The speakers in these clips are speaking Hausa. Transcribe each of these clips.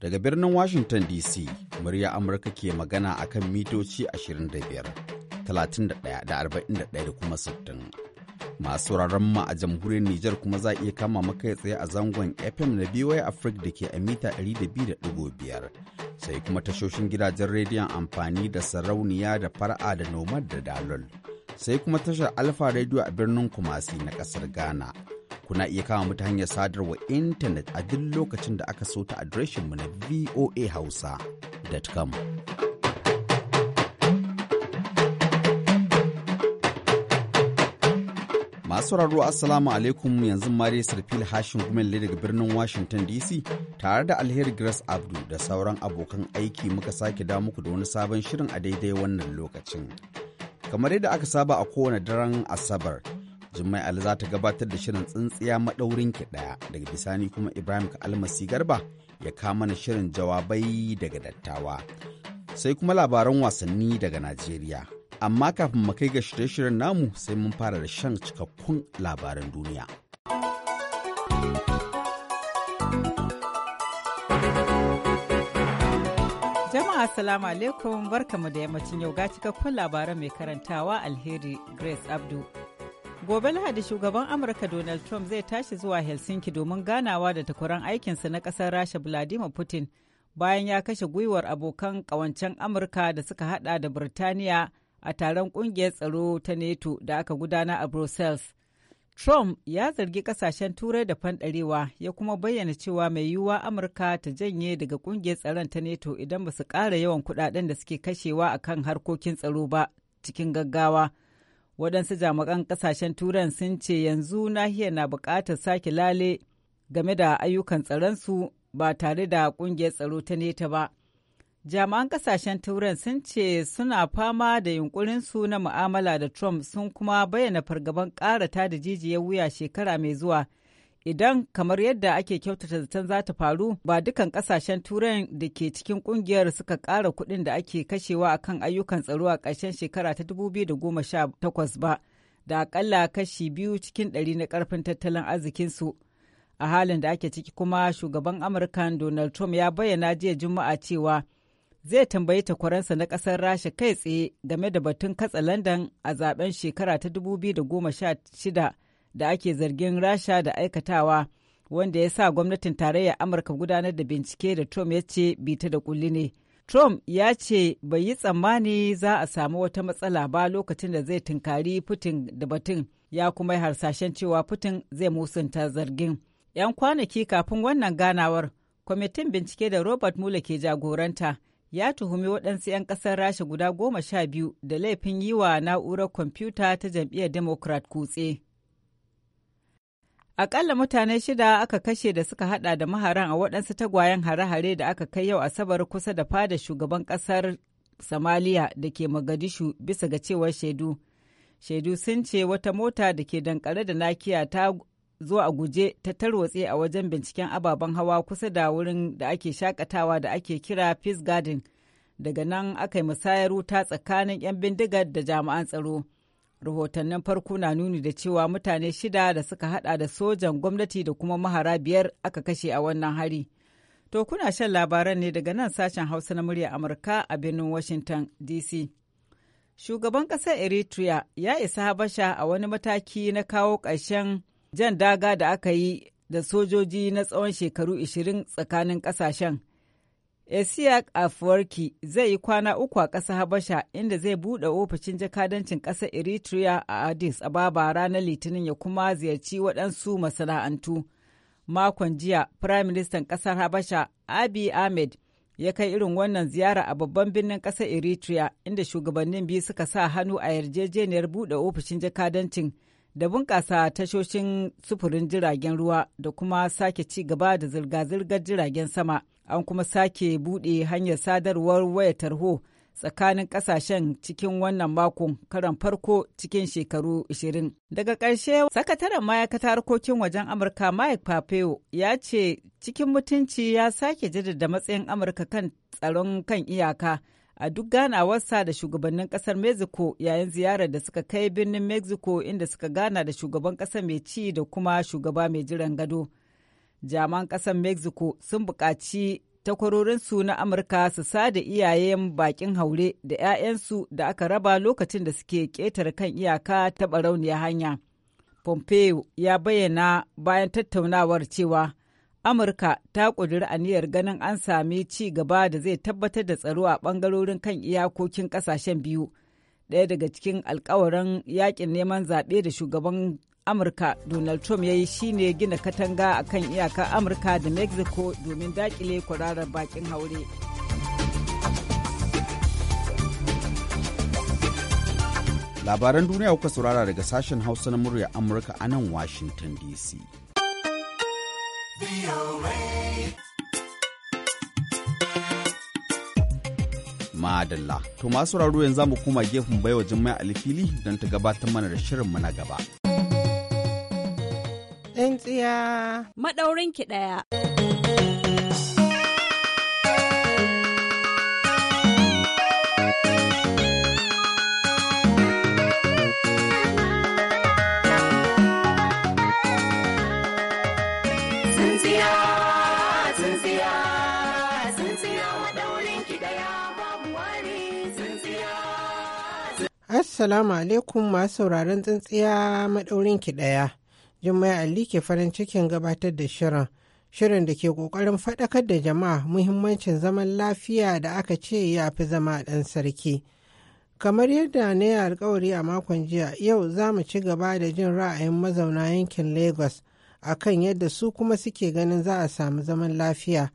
Daga birnin Washington DC, murya Amurka ke magana a kan mitoci 25, 31 da 41 kuma 60. Masu rarren ma a jamhuriyar Nijar kuma za iya kama maka tsaye a zangon FM na BY Africa da ke a mita 200.5. Sai kuma tashoshin gidajen rediyon amfani da sarauniya da fara'a da nomad da dalol. sai kuma tashar Alfa Radio a birnin Kumasi na kasar Ghana. Kuna iya kama mu hanyar sadarwa intanet a duk lokacin da aka so ta mu na voahausa.com. Masu raro Assalamu alaikum yanzu Mariya Sarfil Hashin Gumelle daga birnin Washington DC tare da Alheri Grace Abdu da sauran abokan aiki muka sake da muku da wani sabon shirin a daidai wannan lokacin. Kamar yadda aka saba a kowane daren Asabar, Jummai Ali za ta gabatar da shirin tsintsiya maɗaurin ki ɗaya daga bisani kuma Ibrahim Almasi Garba ya kama mana shirin jawabai daga dattawa. Sai kuma labaran wasanni daga Najeriya. Amma kafin mu kai ga shirye-shiryen namu sai mun fara da shan cikakkun labaran duniya. assalamu alaikum barkamu da yammacin yau ga cikakkun labaran mai karantawa alheri grace abdu gobe lahadi shugaban amurka donald trump zai tashi zuwa helsinki domin ganawa da takwaran aikinsa na kasar rasha vladimir putin bayan ya kashe gwiwar abokan ƙawancen amurka da suka hada da birtaniya a taron kungiyar tsaro ta nato da aka gudana a brussels Trump ya zargi kasashen Turai da fanɗarewa ya kuma bayyana cewa mai yiwuwa Amurka ta janye daga ƙungiyar tsaron ta NATO idan ba su ƙara yawan kuɗaɗen da suke kashewa a kan harkokin tsaro ba cikin gaggawa. wadansu jami'an ƙasashen Turai sun ce yanzu nahiyar na buƙatar sake lale game da ayyukan tsaronsu ba tare da ƙungiyar tsaro ta NATO ba. jami'an kasashen turan sun ce suna fama da yunkurinsu na mu'amala da trump sun kuma bayyana fargaban ta da jijiyar wuya shekara mai zuwa idan kamar yadda ake kyautata zaton za ta faru ba dukan kasashen turai da ke cikin kungiyar suka ƙara kuɗin da ake kashewa a kan ayyukan tsaro a ƙarshen shekara ta 2018 ba da aƙalla kashi biyu cikin ɗari na ƙarfin tattalin arzikinsu a halin da ake ciki kuma shugaban amurka donald trump ya bayyana jiya juma'a cewa zai tambayi takwaransa na ƙasar rasha kai tsaye game da batun katsa landan a zaben shekara ta 2016 da ake zargin rasha da aikatawa wanda ya sa gwamnatin tarayyar amurka gudanar da bincike da trump ya ce bita da kulli ne trump ya ce bai yi tsammani za a samu wata matsala ba lokacin da zai tunkari putin da batun ya kuma yi harsashen cewa putin zai musunta zargin 'yan kwanaki kafin wannan ganawar kwamitin bincike da robert mueller ke jagoranta ya tuhumi waɗansu 'yan ƙasar rasha guda goma sha biyu da laifin yi wa na'urar kwamfuta ta jam'iyyar democrat kutse akalla mutane shida aka kashe da suka hada da maharan a waɗansu tagwayen hare-hare da aka kai yau asabar kusa da fada shugaban ƙasar samaliya da ke magadishu bisa ga cewar shaidu shaidu sun ce wata mota da ke dankare da nakiya ta zo a guje ta tarwatse a wajen binciken ababen hawa kusa da wurin da ake shakatawa da ake kira Peace Garden. Daga nan aka yi musayar wuta tsakanin 'yan bindigar da jami'an tsaro. Rahotannin farko na nuni da cewa mutane shida da suka hada da sojan gwamnati da kuma mahara biyar aka kashe a wannan hari. To kuna shan labaran ne daga nan sashen Hausa na murya Amurka a birnin Washington DC. Shugaban ƙasar Eritrea ya isa Habasha a wani mataki na kawo ƙarshen jan daga da aka yi da sojoji na tsawon shekaru 20 tsakanin ƙasashen. Esiyak Afwerki zai yi kwana uku a ƙasa Habasha inda zai buɗe ofishin jakadancin ƙasa Eritrea a Addis Ababa ranar Litinin ya kuma ziyarci waɗansu masana'antu. Makon jiya, Firaministan ƙasar Habasha Abiy Ahmed ya kai irin wannan ziyara a babban birnin ƙasar Eritrea inda shugabannin biyu suka sa hannu a yarjejeniyar buɗe ofishin jakadancin. da bunƙasa tashoshin sufurin jiragen ruwa da kuma sake ci gaba da zirga-zirgar jiragen sama an kuma sake buɗe hanyar sadarwar waya tarho tsakanin ƙasashen cikin wannan makon karan farko cikin shekaru 20 daga ƙarshe sakataren ma'aikatar harkokin wajen amurka mike papeo ya ce cikin mutunci ya sake jaddada matsayin amurka kan tsaron kan iyaka a duk ganawarsa da shugabannin kasar mexico yayin ziyarar da suka kai birnin mexico inda suka gana da shugaban kasar mai ci da kuma shugaba mai jiran gado jaman kasar mexico sun buƙaci takwarorinsu na amurka su sada iyayen bakin haure da 'ya'yansu da aka raba lokacin da suke ƙetare kan iyaka ta barauniya hanya pompeo ya bayyana bayan tattaunawar cewa Amurka ta ƙudiri aniyar ganin an sami ci gaba da zai tabbatar da tsaro a ɓangarorin kan iyakokin ƙasashen biyu. Ɗaya daga cikin alkawarin yakin neman zaɓe da shugaban Amurka Donald Trump ya yi shine gina katanga a kan iyakar Amurka da Mexico domin daƙile kwararar bakin haure. Labaran duniya kuka saurara daga sashen Hausa na murya Amurka a nan Washington DC. Madalla. To masu raro yanzu mu koma gefen baiwa Jummai Alfili don ta gabatar mana da shirinmu na gaba. Tsintsiya. Maɗaurinki ɗaya. Assalamu alaikum masu sauraron tsintsiya maɗaurin ki ɗaya. Jummai Ali ke farin cikin gabatar da shirin. Shirin da ke ƙoƙarin faɗakar da jama'a muhimmancin zaman lafiya da aka ce ya fi zama ɗan sarki. Kamar yadda na yi alkawari a makon jiya, yau za mu ci gaba da jin ra'ayin mazauna yankin Lagos a kan yadda su kuma suke ganin za a samu zaman lafiya.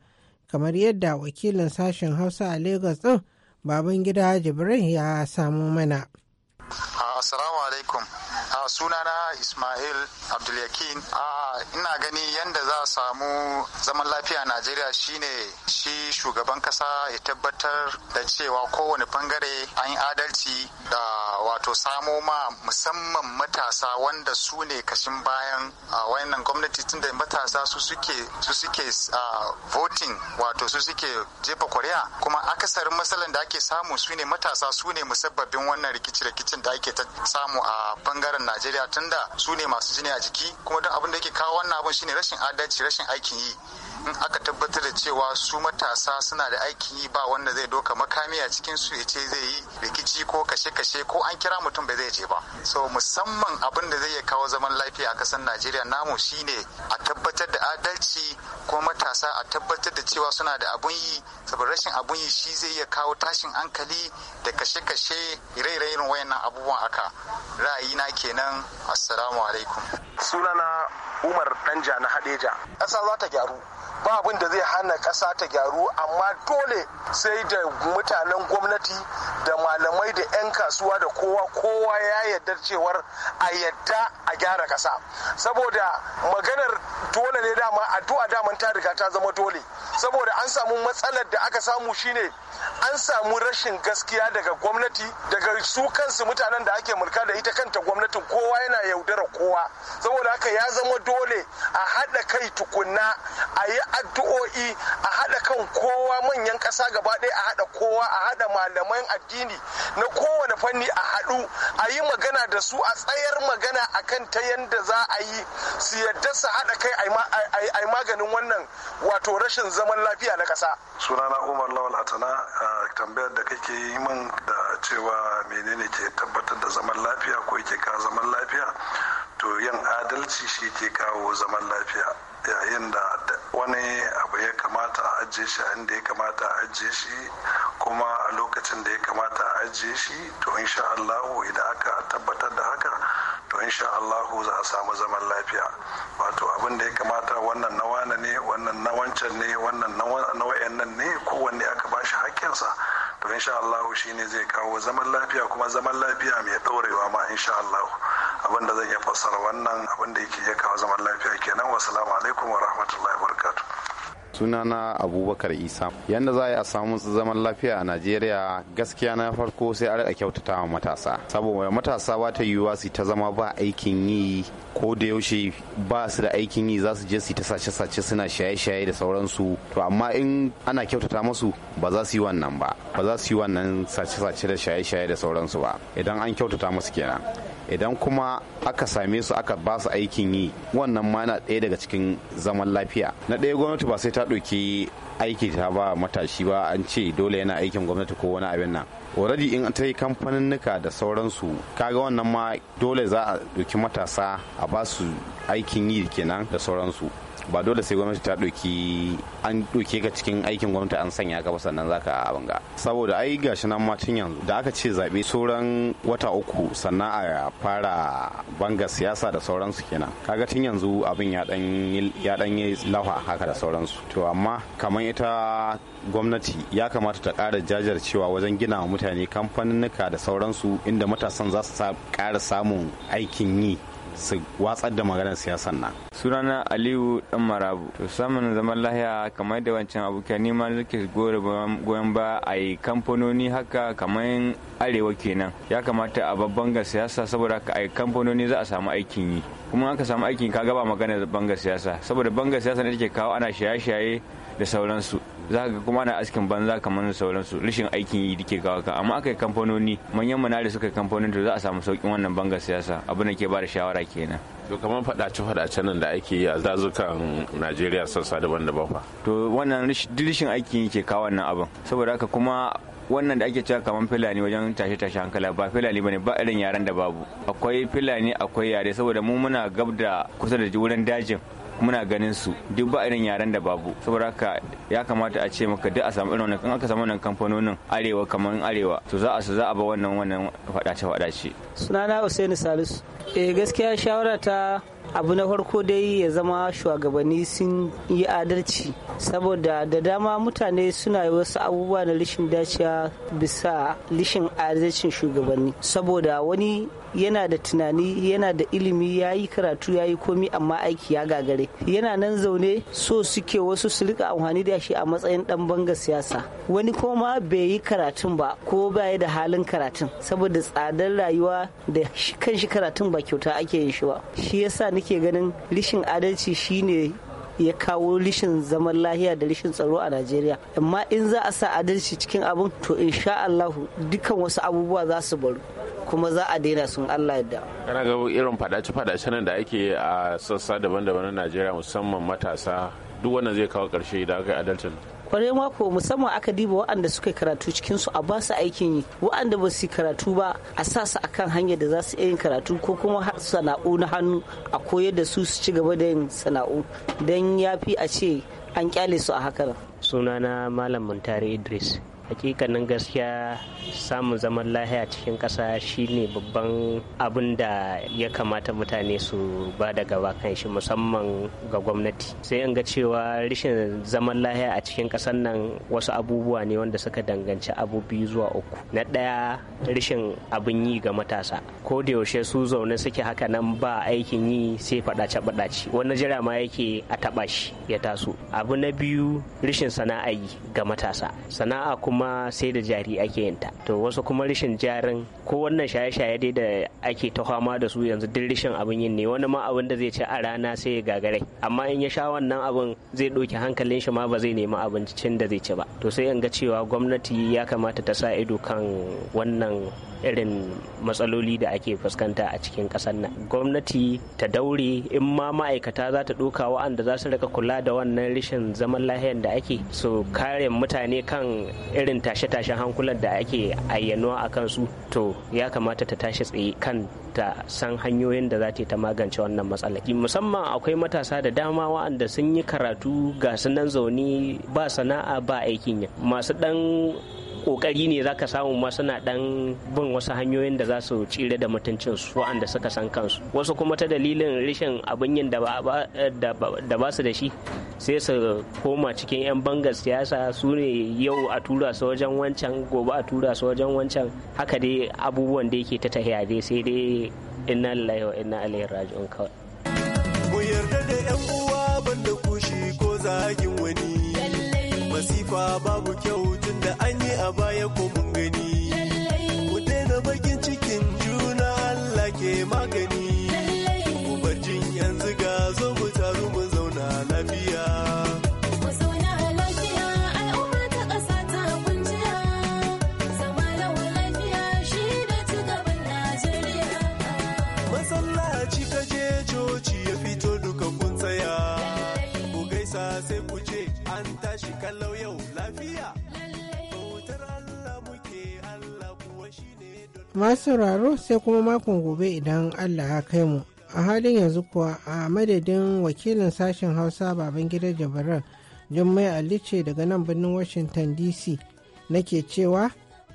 Kamar yadda wakilin sashen Hausa a Lagos ɗin, baban gida Jibrin ya samu mana. Assalamu alaikum. sunana Ismail Abdulyakin. A ina gani yadda za a samu zaman lafiya a Najeriya shine shi shugaban kasa ya tabbatar da cewa kowane bangare an yi adalci da wato samo ma musamman matasa wanda su ne kashin bayan a wayannan gwamnati tunda matasa su suke su suke voting wato su suke jefa kuri'a kuma akasarin matsalan da ake samu su ne matasa su ne musabbabin wannan rikici-rikicin da ake samu a bangaren Najeriya tunda su ne masu jini a jiki kuma duk abin da yake kawo wannan abin shine rashin adalci rashin aikin yi in aka tabbatar da cewa su matasa suna da aikin yi ba wanda zai doka makami a cikin su ce zai yi rikici ko kashe-kashe ko an kira mutum ba zai je ba so musamman abin da zai iya kawo zaman lafiya a kasar najeriya namu shine a tabbatar da adalci ko matasa a tabbatar da cewa suna da abun yi saboda rashin abun yi shi zai iya kawo tashin hankali da kashe-kashe ire irin wayannan abubuwan aka na kenan assalamu alaikum sunana umar danja na hadeja ƙasa za ta gyaru ba abin da zai hana ƙasa ta gyaru amma dole sai da mutanen gwamnati da malamai da 'yan kasuwa da kowa kowa ya yarda cewar a yadda a gyara ƙasa saboda maganar dole ne dama addu'a daman ta riga ta zama dole saboda an samu matsalar da aka samu shine an samu rashin gaskiya daga gwamnati daga su kansu mutanen da ake mulka da ita kanta gwamnatin kowa yana yaudara kowa saboda haka ya zama dole a haɗa kai tukunna a yi addu'o'i a haɗa kan kowa manyan ƙasa gaba ɗaya a haɗa kowa a haɗa malaman addini na kowane fanni a haɗu a yi magana da su a tsayar magana a kan ta yadda za a yi su yadda su haɗa kai a yi maganin wannan wato rashin zaman lafiya na ƙasa. sunana umar lawal atana tambayar da kake yi min da cewa menene ke tabbatar da zaman lafiya ko yake ka zaman lafiya to yin adalci shi ke kawo zaman lafiya yayin da wani abu ya kamata a ajiye shi inda ya kamata a ajiye shi kuma a lokacin da ya kamata a ajiye shi to insha Allah idan aka tabbatar da haka to insha Allah za a samu zaman lafiya wato abin da ya kamata wannan na wane ne wannan na wancan ne wannan na wayannan ne kowanne aka bashi hakkinsa to insha Allah shine zai kawo zaman lafiya kuma zaman lafiya mai ɗorewa ma insha Allah abin da zan iya fassara wannan abin da yake ya kawo zaman lafiya kenan wasalamu alaikum wa rahmatullahi wa sunana abubakar isa yadda za a yi a samu zaman lafiya a najeriya gaskiya na farko sai a rika kyautata wa matasa saboda matasa ba ta yiwuwa su ta zama ba aikin yi ko da yaushe ba su da aikin yi za su je su ta sace sace suna shaye shaye da sauransu to amma in ana kyautata musu ba za su yi wannan ba ba za su yi wannan sace sace da shaye shaye da sauransu ba idan an kyautata musu kenan idan kuma aka same su aka ba su aikin yi wannan ma na ɗaya daga cikin zaman lafiya na ɗaya gwamnati ba sai ta ɗauki aiki ta ba matashi ba an ce dole yana aikin gwamnati ko wani abin nan already in ta yi kamfaninnika da sauransu kaga wannan ma dole za a ɗauki matasa a ba su aikin yi kenan da sauransu ba dole sai gwamnati ta ɗauki an ɗauke ka cikin aikin gwamnati an sanya ka ba sannan zaka abin banga. saboda ai gashi nan tun yanzu da aka ce zaɓe sauran wata uku sannan a fara banga siyasa da sauransu kenan kaga tun yanzu abin ya dan yi lafa haka da sauransu to amma kamar ita gwamnati ya kamata ta ƙara jajircewa wajen gina wa mutane kamfaninnika da sauransu inda matasan za su ƙara samun aikin yi su watsar da maganar siyasan nan sunana aliyu dan marabu to samun zaman lahiya kamar da wancan abokan nima nake goyon ba a yi kamfanoni haka kamar arewa kenan ya kamata a babban ga siyasa saboda a yi kamfanoni za a samu aikin yi kuma aka samu aikin ka gaba maganar banga siyasa saboda banga siyasa ne take kawo ana shaye-shaye da sauransu za ga kuma na askin banza kamar sauransu rashin aikin yi dike kawo ka amma aka yi kamfanoni manyan manari suka yi kamfanoni to za a samu saukin wannan bangar siyasa abu da ke ba da shawara kenan to kamar fadace fadace nan da ake yi a zazukan najeriya sassa daban-daban fa to wannan rishin aikin ke kawo wannan abin saboda haka kuma wannan da ake cewa kamar filani wajen tashe tashe hankala ba filani bane ba irin yaren da babu akwai filani akwai yare saboda mu muna gab da kusa da wurin dajin muna ganin su duk ba irin yaren da babu saboda haka ya kamata a ce maka duk a samu irin wannan aka samu wannan kamfanonin arewa kamar arewa to za a su za a ba wannan wannan fadace fadace sunana Usaini Salisu eh gaskiya shawara ta abu na farko dai ya zama shugabanni sun yi adalci saboda da dama mutane suna yi wasu abubuwa na rishin dacewa bisa lishin adalcin shugabanni saboda wani yana da tunani yana da ilimi ya yi karatu ya yi komi amma aiki ya gagare yana nan zaune so suke wasu su rika amfani da shi a matsayin dan banga siyasa wani koma bai yi karatun ba ko baya da halin karatun saboda tsadar rayuwa da kan shi karatun ba kyauta ake yin shi ba shi yasa nake ganin rishin adalci shine ya kawo rishin zaman lahiya da rishin tsaro a najeriya amma in za a sa adalci cikin abin to insha allahu dukkan wasu abubuwa za su baru kuma za a daina sun allah yadda kana ga irin fadace-fadace nan da ake a sassa daban-daban na najeriya musamman matasa duk wannan zai kawo karshe da aka yi adalcin kwarai mako musamman aka diba waɗanda suka karatu cikin su a ba su aikin yi waɗanda ba su karatu ba a sa su a kan hanyar da za su yin karatu ko kuma sana'u na hannu a koyar da su su ci gaba da yin sana'u don ya fi a ce an kyale su a suna sunana malam muntari idris hakikanin gaskiya samun zaman lahiya cikin ƙasa shine babban abin da ya kamata mutane su ba da gaba kan shi musamman ga gwamnati sai in ga cewa rashin zaman lahiya a cikin ƙasar nan wasu abubuwa ne wanda suka danganci abubuwa zuwa uku na ɗaya rashin abin yi ga matasa ko da yaushe su zaune suke haka nan ba aikin yi sai faɗace faɗace wani jira ma yake a taɓa shi ya taso abu na biyu rashin sana'a yi ga matasa sana'a kuma kuma sai da jari ake yin ta to wasu kuma rashin jarin ko wannan shaye-shaye dai da ake ta fama da su yanzu duk rashin abin yin ne wani ma abin da zai ci a rana sai ya gagare amma in ya sha wannan abin zai ɗauki hankalin shi ma ba zai nemi abincin da zai ci ba to sai in ga cewa gwamnati ya kamata ta sa ido kan wannan irin matsaloli da ake fuskanta a cikin ƙasar nan gwamnati ta daure in ma ma'aikata za ta ɗoka wa'anda za su rika kula da wannan rashin zaman lahiyar da ake su kare mutane kan irin tashe-tashen hankulan da ake ayyano a kansu to ya kamata ta tashi tsaye kan ta san hanyoyin da za ta ta magance wannan matsala musamman akwai matasa da dama wa'anda sun yi karatu ga su zaune ba sana'a ba aikin ya masu ɗan kokari ne za ka samu ma suna dan bin wasu hanyoyin da za su tsira da mutuncinsu waɗanda suka san kansu wasu kuma ta dalilin rashin abin yin da ba su da shi sai su koma cikin 'yan bangar siyasa su ne yau a tura su wajen wancan gobe a tura su wajen wancan haka dai abubuwan da yake ta tahiya dai sai dai inna lillahi wa inna ilaihi raji'un kawai ku yarda da yan uwa banda kushi ko zagin wani Sifa babu kyau tun da an yi a baya ko mun gani. Ku daina bakin cikin juna Allah ke magani. Ku bar jin yanzu ga zo mu taru mu zauna lafiya. Masallaci ka kalau yau Masu raro sai kuma makon gobe idan Allah ya kai mu. A halin yanzu kuwa a madadin wakilin sashen Hausa baban gidan Jabarar Jummai Ali ce daga nan birnin Washington DC nake cewa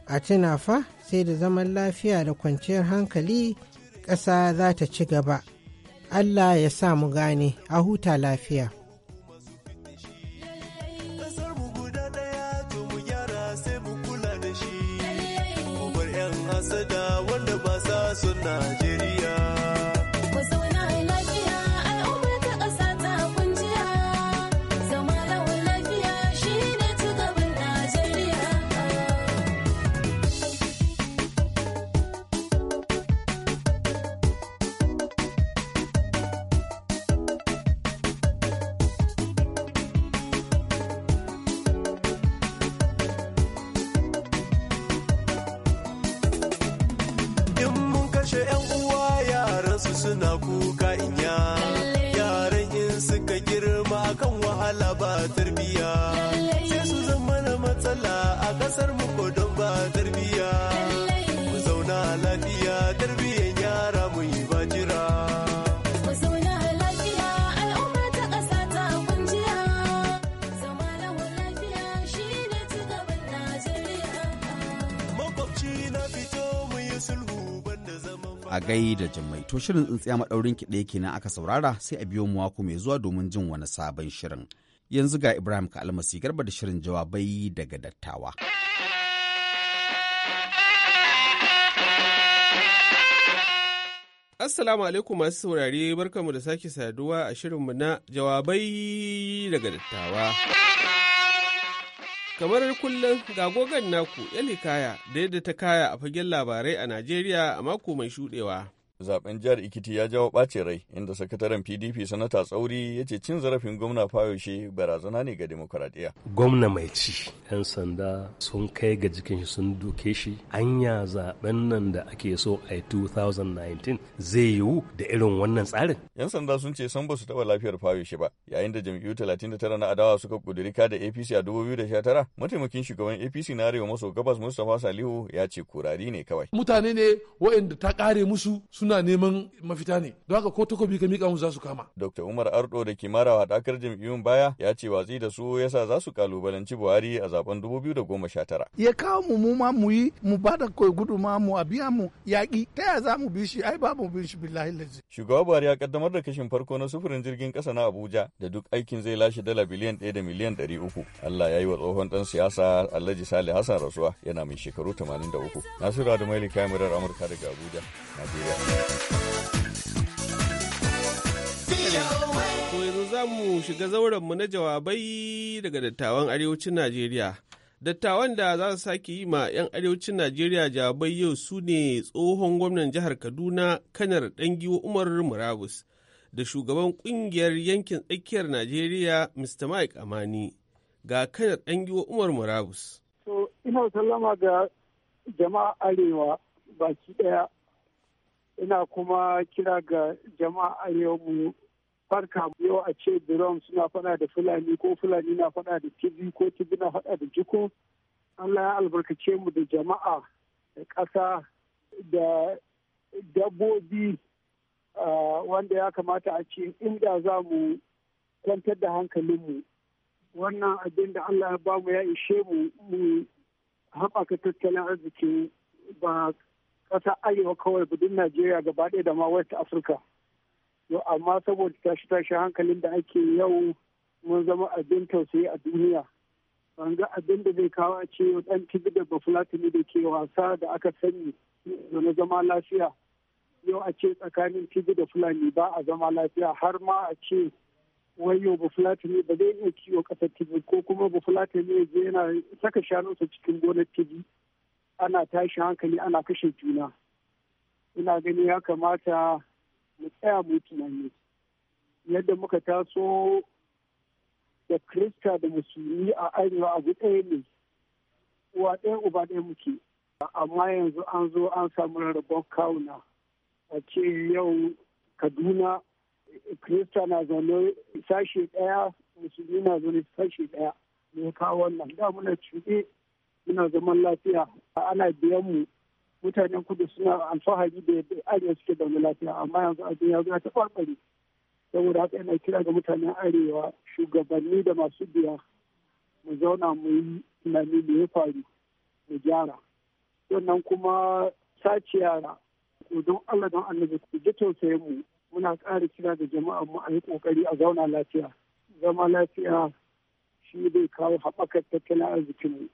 a tuna fa sai da zaman lafiya da kwanciyar hankali ƙasa za ta ci gaba. Allah ya sa mu gane a huta lafiya. wanda ba sa sun Najeriya. gai da jimai to shirin tsintsiya maɗaurin kiɗe kenan aka saurara sai a biyo mako mai zuwa domin jin wani sabon shirin. Yanzu ga Ibrahim ka almasi garba da shirin jawabai daga dattawa. Assalamu alaikum masu saurare barkanmu da sake saduwa a shirin mu na jawabai daga dattawa. Kamar kullum ga gogon naku Yalikaya da yadda ta kaya a fagen labarai a Najeriya a mako mai shuɗewa. zaben jihar ikiti ya jawo ɓace rai inda sakataren pdp sanata tsauri ya ce cin zarafin gwamna fayoshe barazana ne ga demokuraɗiyya gwamna mai ci 'yan sanda sun kai ga jikin shi sun duke shi anya zaben nan da ake so a 2019 zai yiwu da irin wannan tsarin 'yan sanda sun ce san ba su taɓa lafiyar fayoshe ba yayin da jam'iyyu 39 na adawa suka kudirika da apc a 2019 mataimakin shugaban apc na arewa maso gabas mustapha salihu ya ce kurari ne kawai mutane ne waɗanda ta kare musu suna suna neman mafita ne don haka ko takobi ka mika mu za su kama dr umar ardo da ke mara haɗakar jam'iyyun baya ya ce watsi da su yasa za su kalubalanci buhari a zaben dubu 2019 ya kawo mu mu ma mu yi mu ba da guduma mu a biya mu yaƙi ta ya za mu bi shi ai ba mu bi shi billahi lazi shugaba buhari ya kaddamar da kashin farko na sufurin jirgin ƙasa na abuja da duk aikin zai lashe dala biliyan ɗaya da miliyan ɗari uku allah ya yi wa tsohon ɗan siyasa alhaji salih hassan rasuwa yana mai shekaru 83 nasiru da maili amurka daga abuja najeriya yanzu za mu shiga zaurenmu na jawabai daga dattawan arewacin Najeriya. Dattawan da za su sake yi ma 'yan arewacin Najeriya jawabai yau su ne tsohon gwamnan jihar Kaduna kanar ɗangiwo Umar Murabus da shugaban ƙungiyar yankin tsakiyar Najeriya Mr. Mike Amani ga kanar ɗangiwo Umar Murabus. To, ina sallama ga jama'a arewa baki ɗaya ina kuma kira ga jama'a a yau mu farka yau a ce birom suna faɗa da fulani ko fulani na faɗa da tibi ko tibi na faɗa da jiko allah ya albarkace mu da jama'a da ƙasa da dabbobi wanda ya kamata a ce inda za mu kwantar da hankalinmu wannan abin da allah ya bamu ya ishe mu mu haɓaka tattalin arziki ba ƙasa arewa kawai budin najeriya gaba ɗaya da ma west africa to amma saboda tashi tashi hankalin da ake yau mun zama abin tausayi a duniya ban ga abin da zai kawo a ce dan tv da bafulatini da ke wasa da aka sani na zama lafiya yau a ce tsakanin tv da fulani ba a zama lafiya har ma a ce wayo bafulatini ba zai iya kiwo ƙasar tibi ko kuma bafulatini ya je yana saka shanunsa cikin gonar tibi ana tashi hankali ana kashe juna ina gani ya kamata mu tsaya mu tunani yadda muka taso da krista da musulmi a arewa abu ɗaya ne uwa ɗaya uba ɗaya muke amma yanzu an zo an samu rarrabon kawuna a ce yau kaduna krista na zaune sashe ɗaya musulmi na zaune sashe ɗaya ne kawo wannan da cuɗe muna zaman lafiya ana biyan mu mutanen kudu suna alfahari da yadda arewa suke da lafiya amma yanzu abin ya zo ya saboda haka yana kira ga mutanen arewa shugabanni da masu biya mu zauna mu yi tunani da ya faru mu gyara sannan kuma sace yara don Allah don annabi ku ji tausayin mu muna ƙara kira ga jama'a mu a yi ƙoƙari a zauna lafiya zama lafiya shi zai kawo haɓakar tattalin arzikin mu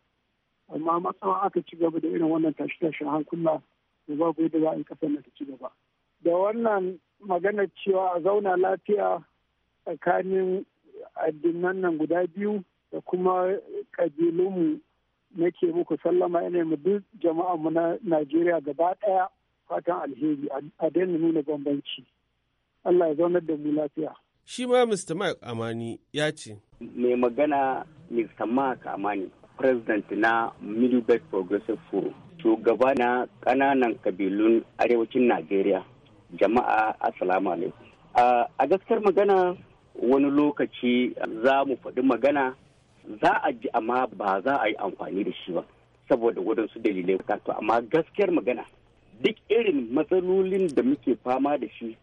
amma matsawa aka ci gaba da irin wannan tashi tashin hankula da babu yadda za a yi kasar ta ci gaba da wannan magana cewa a zauna lafiya tsakanin addinan nan guda biyu da kuma ƙabilunmu nake muku sallama yana mu duk jama'anmu na najeriya gaba ɗaya fatan alheri a daina nuna bambanci allah ya zaunar da mu lafiya shi ma mr mark amani ya ce mai magana mr mark amani president na middle progressive forum shugaba na ƙananan kabilun arewacin najeriya jama'a assalamu alaikum a gaskiyar magana wani lokaci za mu faɗi magana za a ji amma ba za a yi amfani da shi ba saboda waɗansu dalilai kato amma gaskiyar magana duk irin matsalolin da muke fama da shi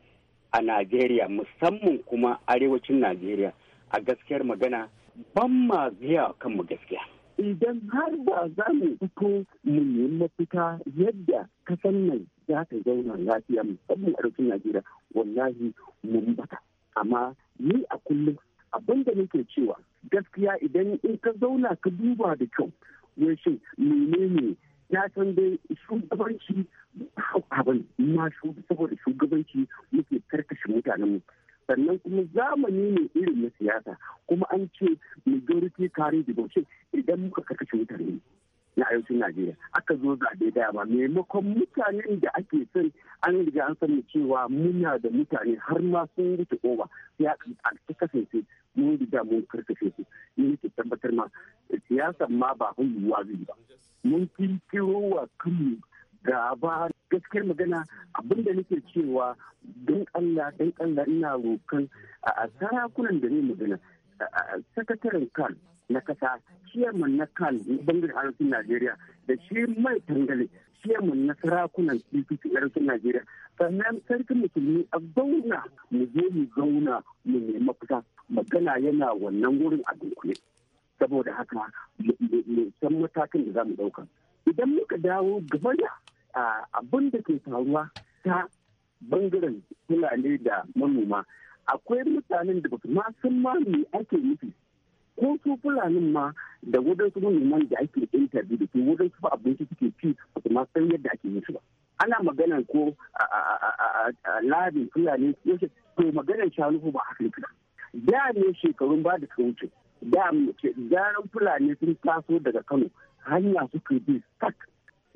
a najeriya musamman kuma arewacin najeriya a gaskiyar magana ban ma kan kanmu gaskiya idan har ba za mu fito mu nemi mafita yadda kasan nan za ta zauna lafiya musamman arewacin najeriya wallahi mun bata amma ni a kullum abin da nake cewa gaskiya idan in ka zauna ka duba da kyau shin menene ya san dai shugabanci abin ma saboda shugabanci muke karkashe mutanenmu sannan kuma zamani ne irin na siyasa kuma an ce majority carry the vote idan muka shi mutane na arewacin najeriya aka zo zaɓe da ba maimakon mutanen da ake son an riga an sanni cewa muna da mutane har ma sun wuce oba sai a kasance mun riga mun karkashe su ne ke tabbatar ma siyasa ma ba hun yiwuwa ba mun kirkiro wa kanmu ga ba gaskiyar magana abinda nake cewa don Allah don Allah ina rokan a sarakunan da ne magana sakataren kan na kasa ciyaman na kan bangaren arewacin Najeriya da shi mai tangale ciyaman na sarakunan CPC arewacin Najeriya sannan sarkin musulmi a zauna mu je mu zauna mu nema kusa magana yana wannan wurin a dunkule saboda haka mu san matakin da za mu ɗauka idan muka dawo gaba abin da ke faruwa ta bangaren fulani da manoma akwai mutanen da basu ma ma ake nufi ko su fulanin ma da su manoman da ake interview da ke wadansu su abinci suke ci basu ma san yadda ake nufi ba ana magana ko labin fulani yake to maganan shanu ba haka ne da ne shekarun ba da wuce da yaran fulani sun taso daga kano hanya suka bi sak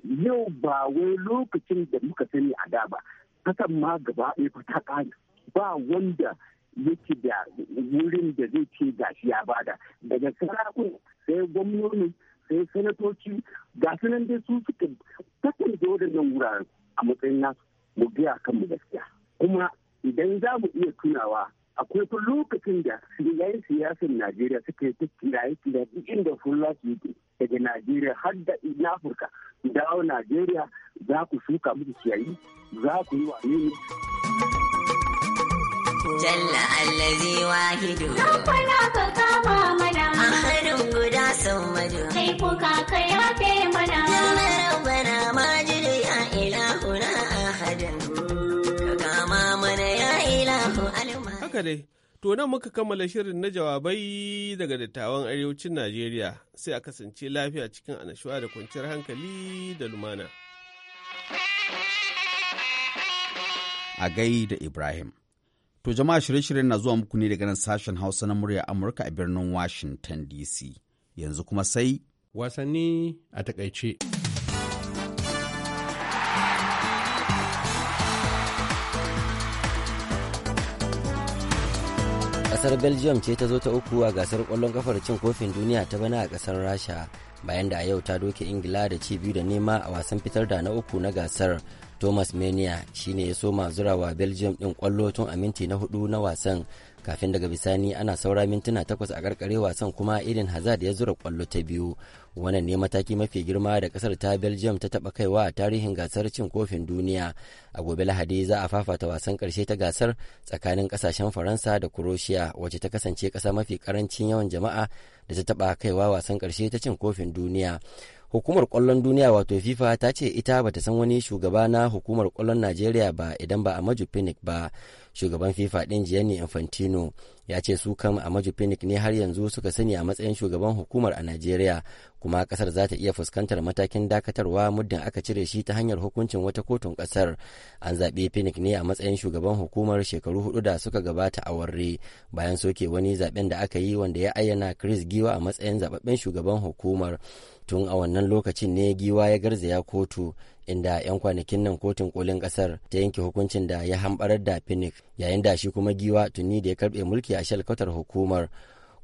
yau ba wai lokacin da muka sani a da ba kasan ma gaba ɗaya fa ta ƙare ba wanda yake da wurin da zai ce gashi ya bada daga sarakun sai gwamnoni sai sanatoci ga su dai su suka da waɗannan wuraren a matsayin nasu mu biya kanmu gaskiya kuma idan za mu iya tunawa akwai lokacin da yayin siyasar najeriya suka yi kiraye da duk inda fulla su yi daga najeriya har da na afirka dawo najeriya za ku shuka musu ciyayi za ku yi wa ne Jalla allazi wahidu. Rabbana ka kama mana. Ahadun guda sau madu. Kai kuka ka yafe mana. Rabbana majid. Haka dai, to nan muka kammala shirin na jawabai daga dattawan arewacin Najeriya sai a kasance lafiya cikin anashuwa da kwanciyar hankali da lumana. A gai da Ibrahim. To jama'a shirye-shiryen na zuwa muku ne daga nan sashen Hausa na murya Amurka a birnin Washington DC. Yanzu kuma sai wasanni a takaice. kasar belgium ce ta zo ta uku a gasar kwallon kafar cin kofin duniya ta bana a kasar rasha bayan da a yau ta doke ingila da ci biyu da nema a wasan fitar da na uku na gasar thomas mania shine ya soma zurawa belgium din kwallo tun a minti na hudu na wasan kafin daga bisani ana saura mintuna takwas a karkare wasan kuma irin hazard ya zura kwallo ta biyu wannan ne mataki mafi girma da kasar ta belgium ta taba kaiwa a tarihin gasar cin kofin duniya a gobe lahadi za a fafata wasan karshe ta gasar tsakanin kasashen faransa da croatia wacce ta kasance kasa mafi karancin yawan jama'a da ta taba kaiwa wasan karshe ta cin kofin duniya hukumar kwallon duniya wato fifa ta ce ita bata san wani shugaba na hukumar kwallon najeriya ba idan ba a phoenix ba shugaban fifa din gianni infantino ya ce su kam a phoenix ne har yanzu suka sani a matsayin shugaban hukumar a najeriya kuma kasar za ta iya fuskantar matakin dakatarwa muddin aka cire shi ta hanyar hukuncin wata kotun kasar an zaɓi phoenix ne a matsayin shugaban hukumar shekaru hudu da suka gabata a warre bayan soke wani zaben da aka yi wanda ya ayyana chris giwa a matsayin zababben shugaban hukumar tun a wannan lokacin ne giwa ya garzaya kotu inda 'yan kwanakin nan kotun kolin kasar ta yanke hukuncin da ya hambarar da phoenix yayin da shi kuma giwa tuni da ya karbe mulki a shalkatar hukumar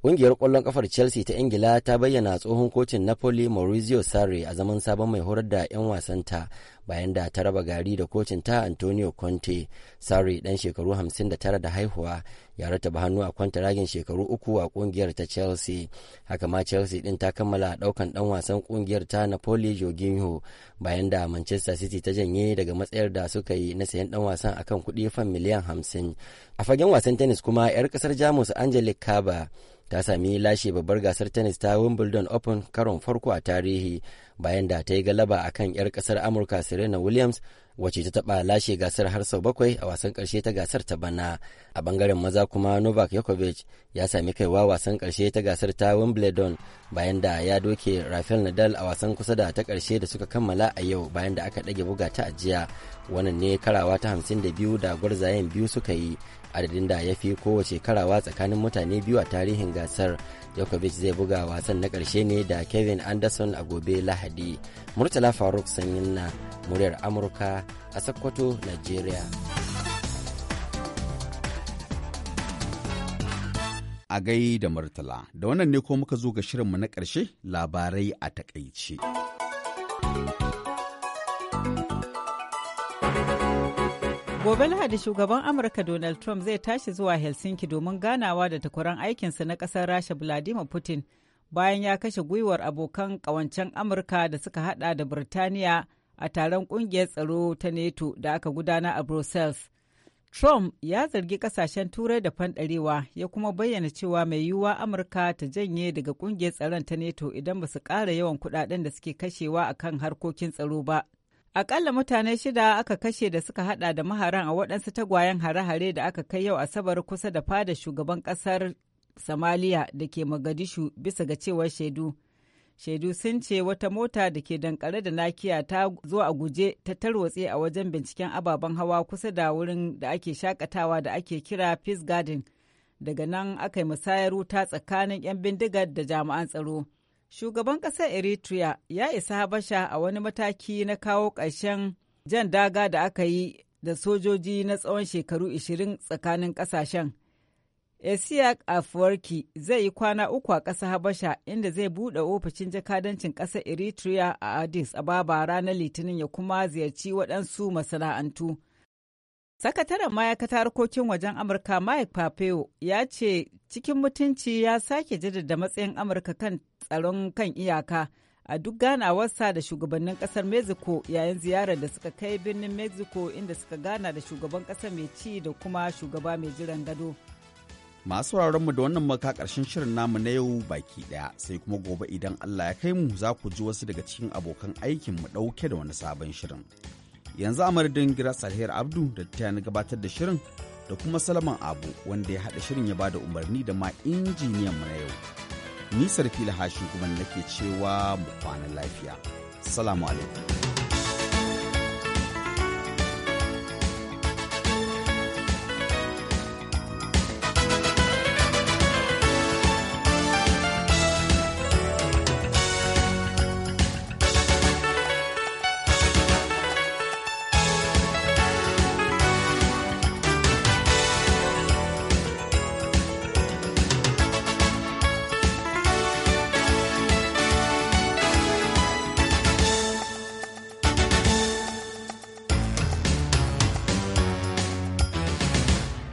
Ƙungiyar kwallon ƙafar Chelsea ta Ingila ta bayyana tsohon kocin Napoli Maurizio Sarri a zaman sabon mai horar da 'yan wasanta bayan da ta raba gari da kocin ta antonio conte sarri dan shekaru 59 da haihuwa ya rataba hannu a kwanta ragin shekaru uku a kungiyar ta chelsea haka ma chelsea din ta kammala daukan dan wasan kungiyar ta napoli jorginho bayan da manchester city ta janye daga matsayar da suka yi na sayan dan wasan akan kuɗi fan miliyan 50 a fagen wasan tennis kuma 'yar kasar jamus angelique kaba ta sami lashe babbar gasar tennis ta wimbledon open karon farko a tarihi bayan da ta yi galaba a kan 'yar kasar amurka serena williams wacce ta taba lashe gasar har sau bakwai a wasan karshe ta gasar ta bana a bangaren maza kuma novak yakovic ya sami kaiwa wasan karshe ta gasar ta wimbledon bayan da ya doke rafael nadal a wasan kusa da ta karshe da suka kammala a yau bayan da aka ɗage buga ta a jiya wannan ne karawa ta 52 da gwarzayen biyu suka yi adadin da ya fi kowace karawa tsakanin mutane biyu a tarihin gasar Djokovic zai buga wasan na ƙarshe ne da Kevin Anderson a gobe Lahadi. Murtala Faruk sanyin na muryar Amurka a Sokoto, Nigeria. A gai da Murtala, da wannan ne ko muka zo ga shirinmu na ƙarshe labarai a takaice. Gobe Lahadi shugaban Amurka Donald Trump zai tashi zuwa Helsinki domin ganawa da takwaran aikinsa na ƙasar Rasha Vladimir Putin bayan ya kashe gwiwar abokan ƙawancen Amurka da suka hada da Birtaniya a taron ƙungiyar tsaro ta NATO da aka gudana a Brussels. Trump ya zargi kasashen turai da fanɗarewa ya kuma bayyana cewa mai yiwuwa Amurka ta janye daga ƙungiyar tsaron ta NATO idan ba su ƙara yawan kuɗaɗen da suke kashewa akan harkokin tsaro ba Akalla mutane shida aka kashe da suka hada da maharan a waɗansu tagwayen hare-hare da aka kai yau Asabar kusa da fada shugaban ƙasar Somalia da ke Mogadishu bisa ga cewar shaidu. Shaidu sun ce wata mota da ke dankare da nakiya ta zo a guje ta tarwatse a wajen binciken ababen hawa kusa da wurin da ake shakatawa da ake kira Peace Garden. Daga nan aka yi musayar wuta tsakanin 'yan bindigar da jami'an tsaro. Shugaban ƙasar Eritrea ya isa Habasha a wani mataki na kawo ƙarshen jan daga da aka yi da sojoji na tsawon shekaru 20 tsakanin ƙasashen. Esiyak afuwarki zai yi kwana uku a ƙasa Habasha inda zai buɗe ofishin jakadancin ƙasar Eritrea a Addis Ababa ranar Litinin ya kuma ziyarci waɗansu masana'antu. Sakataren ma'aikatar harkokin wajen Amurka Mike Pompeo ya ce cikin mutunci ya sake jaddada matsayin Amurka kan tsaron kan iyaka a duk ganawarsa da shugabannin kasar Mexico yayin ziyarar da suka kai birnin Mexico inda suka gana da shugaban kasar mai ci da kuma shugaba mai jiran gado. Masu mu da wannan maka karshen shirin namu na yau baki daya sai kuma gobe idan Allah ya kai mu za ku ji wasu daga cikin abokan aikin mu dauke da wani sabon shirin. yanzu a madadin Giras Alher Abdu da ta na gabatar da shirin da kuma Salaman Abu wanda ya haɗa shirin ya bada umarni da ma injiniyan mu na yau. Ni Sarfila Lahashi kuma nake cewa mu kwana lafiya. Salamu alaikum.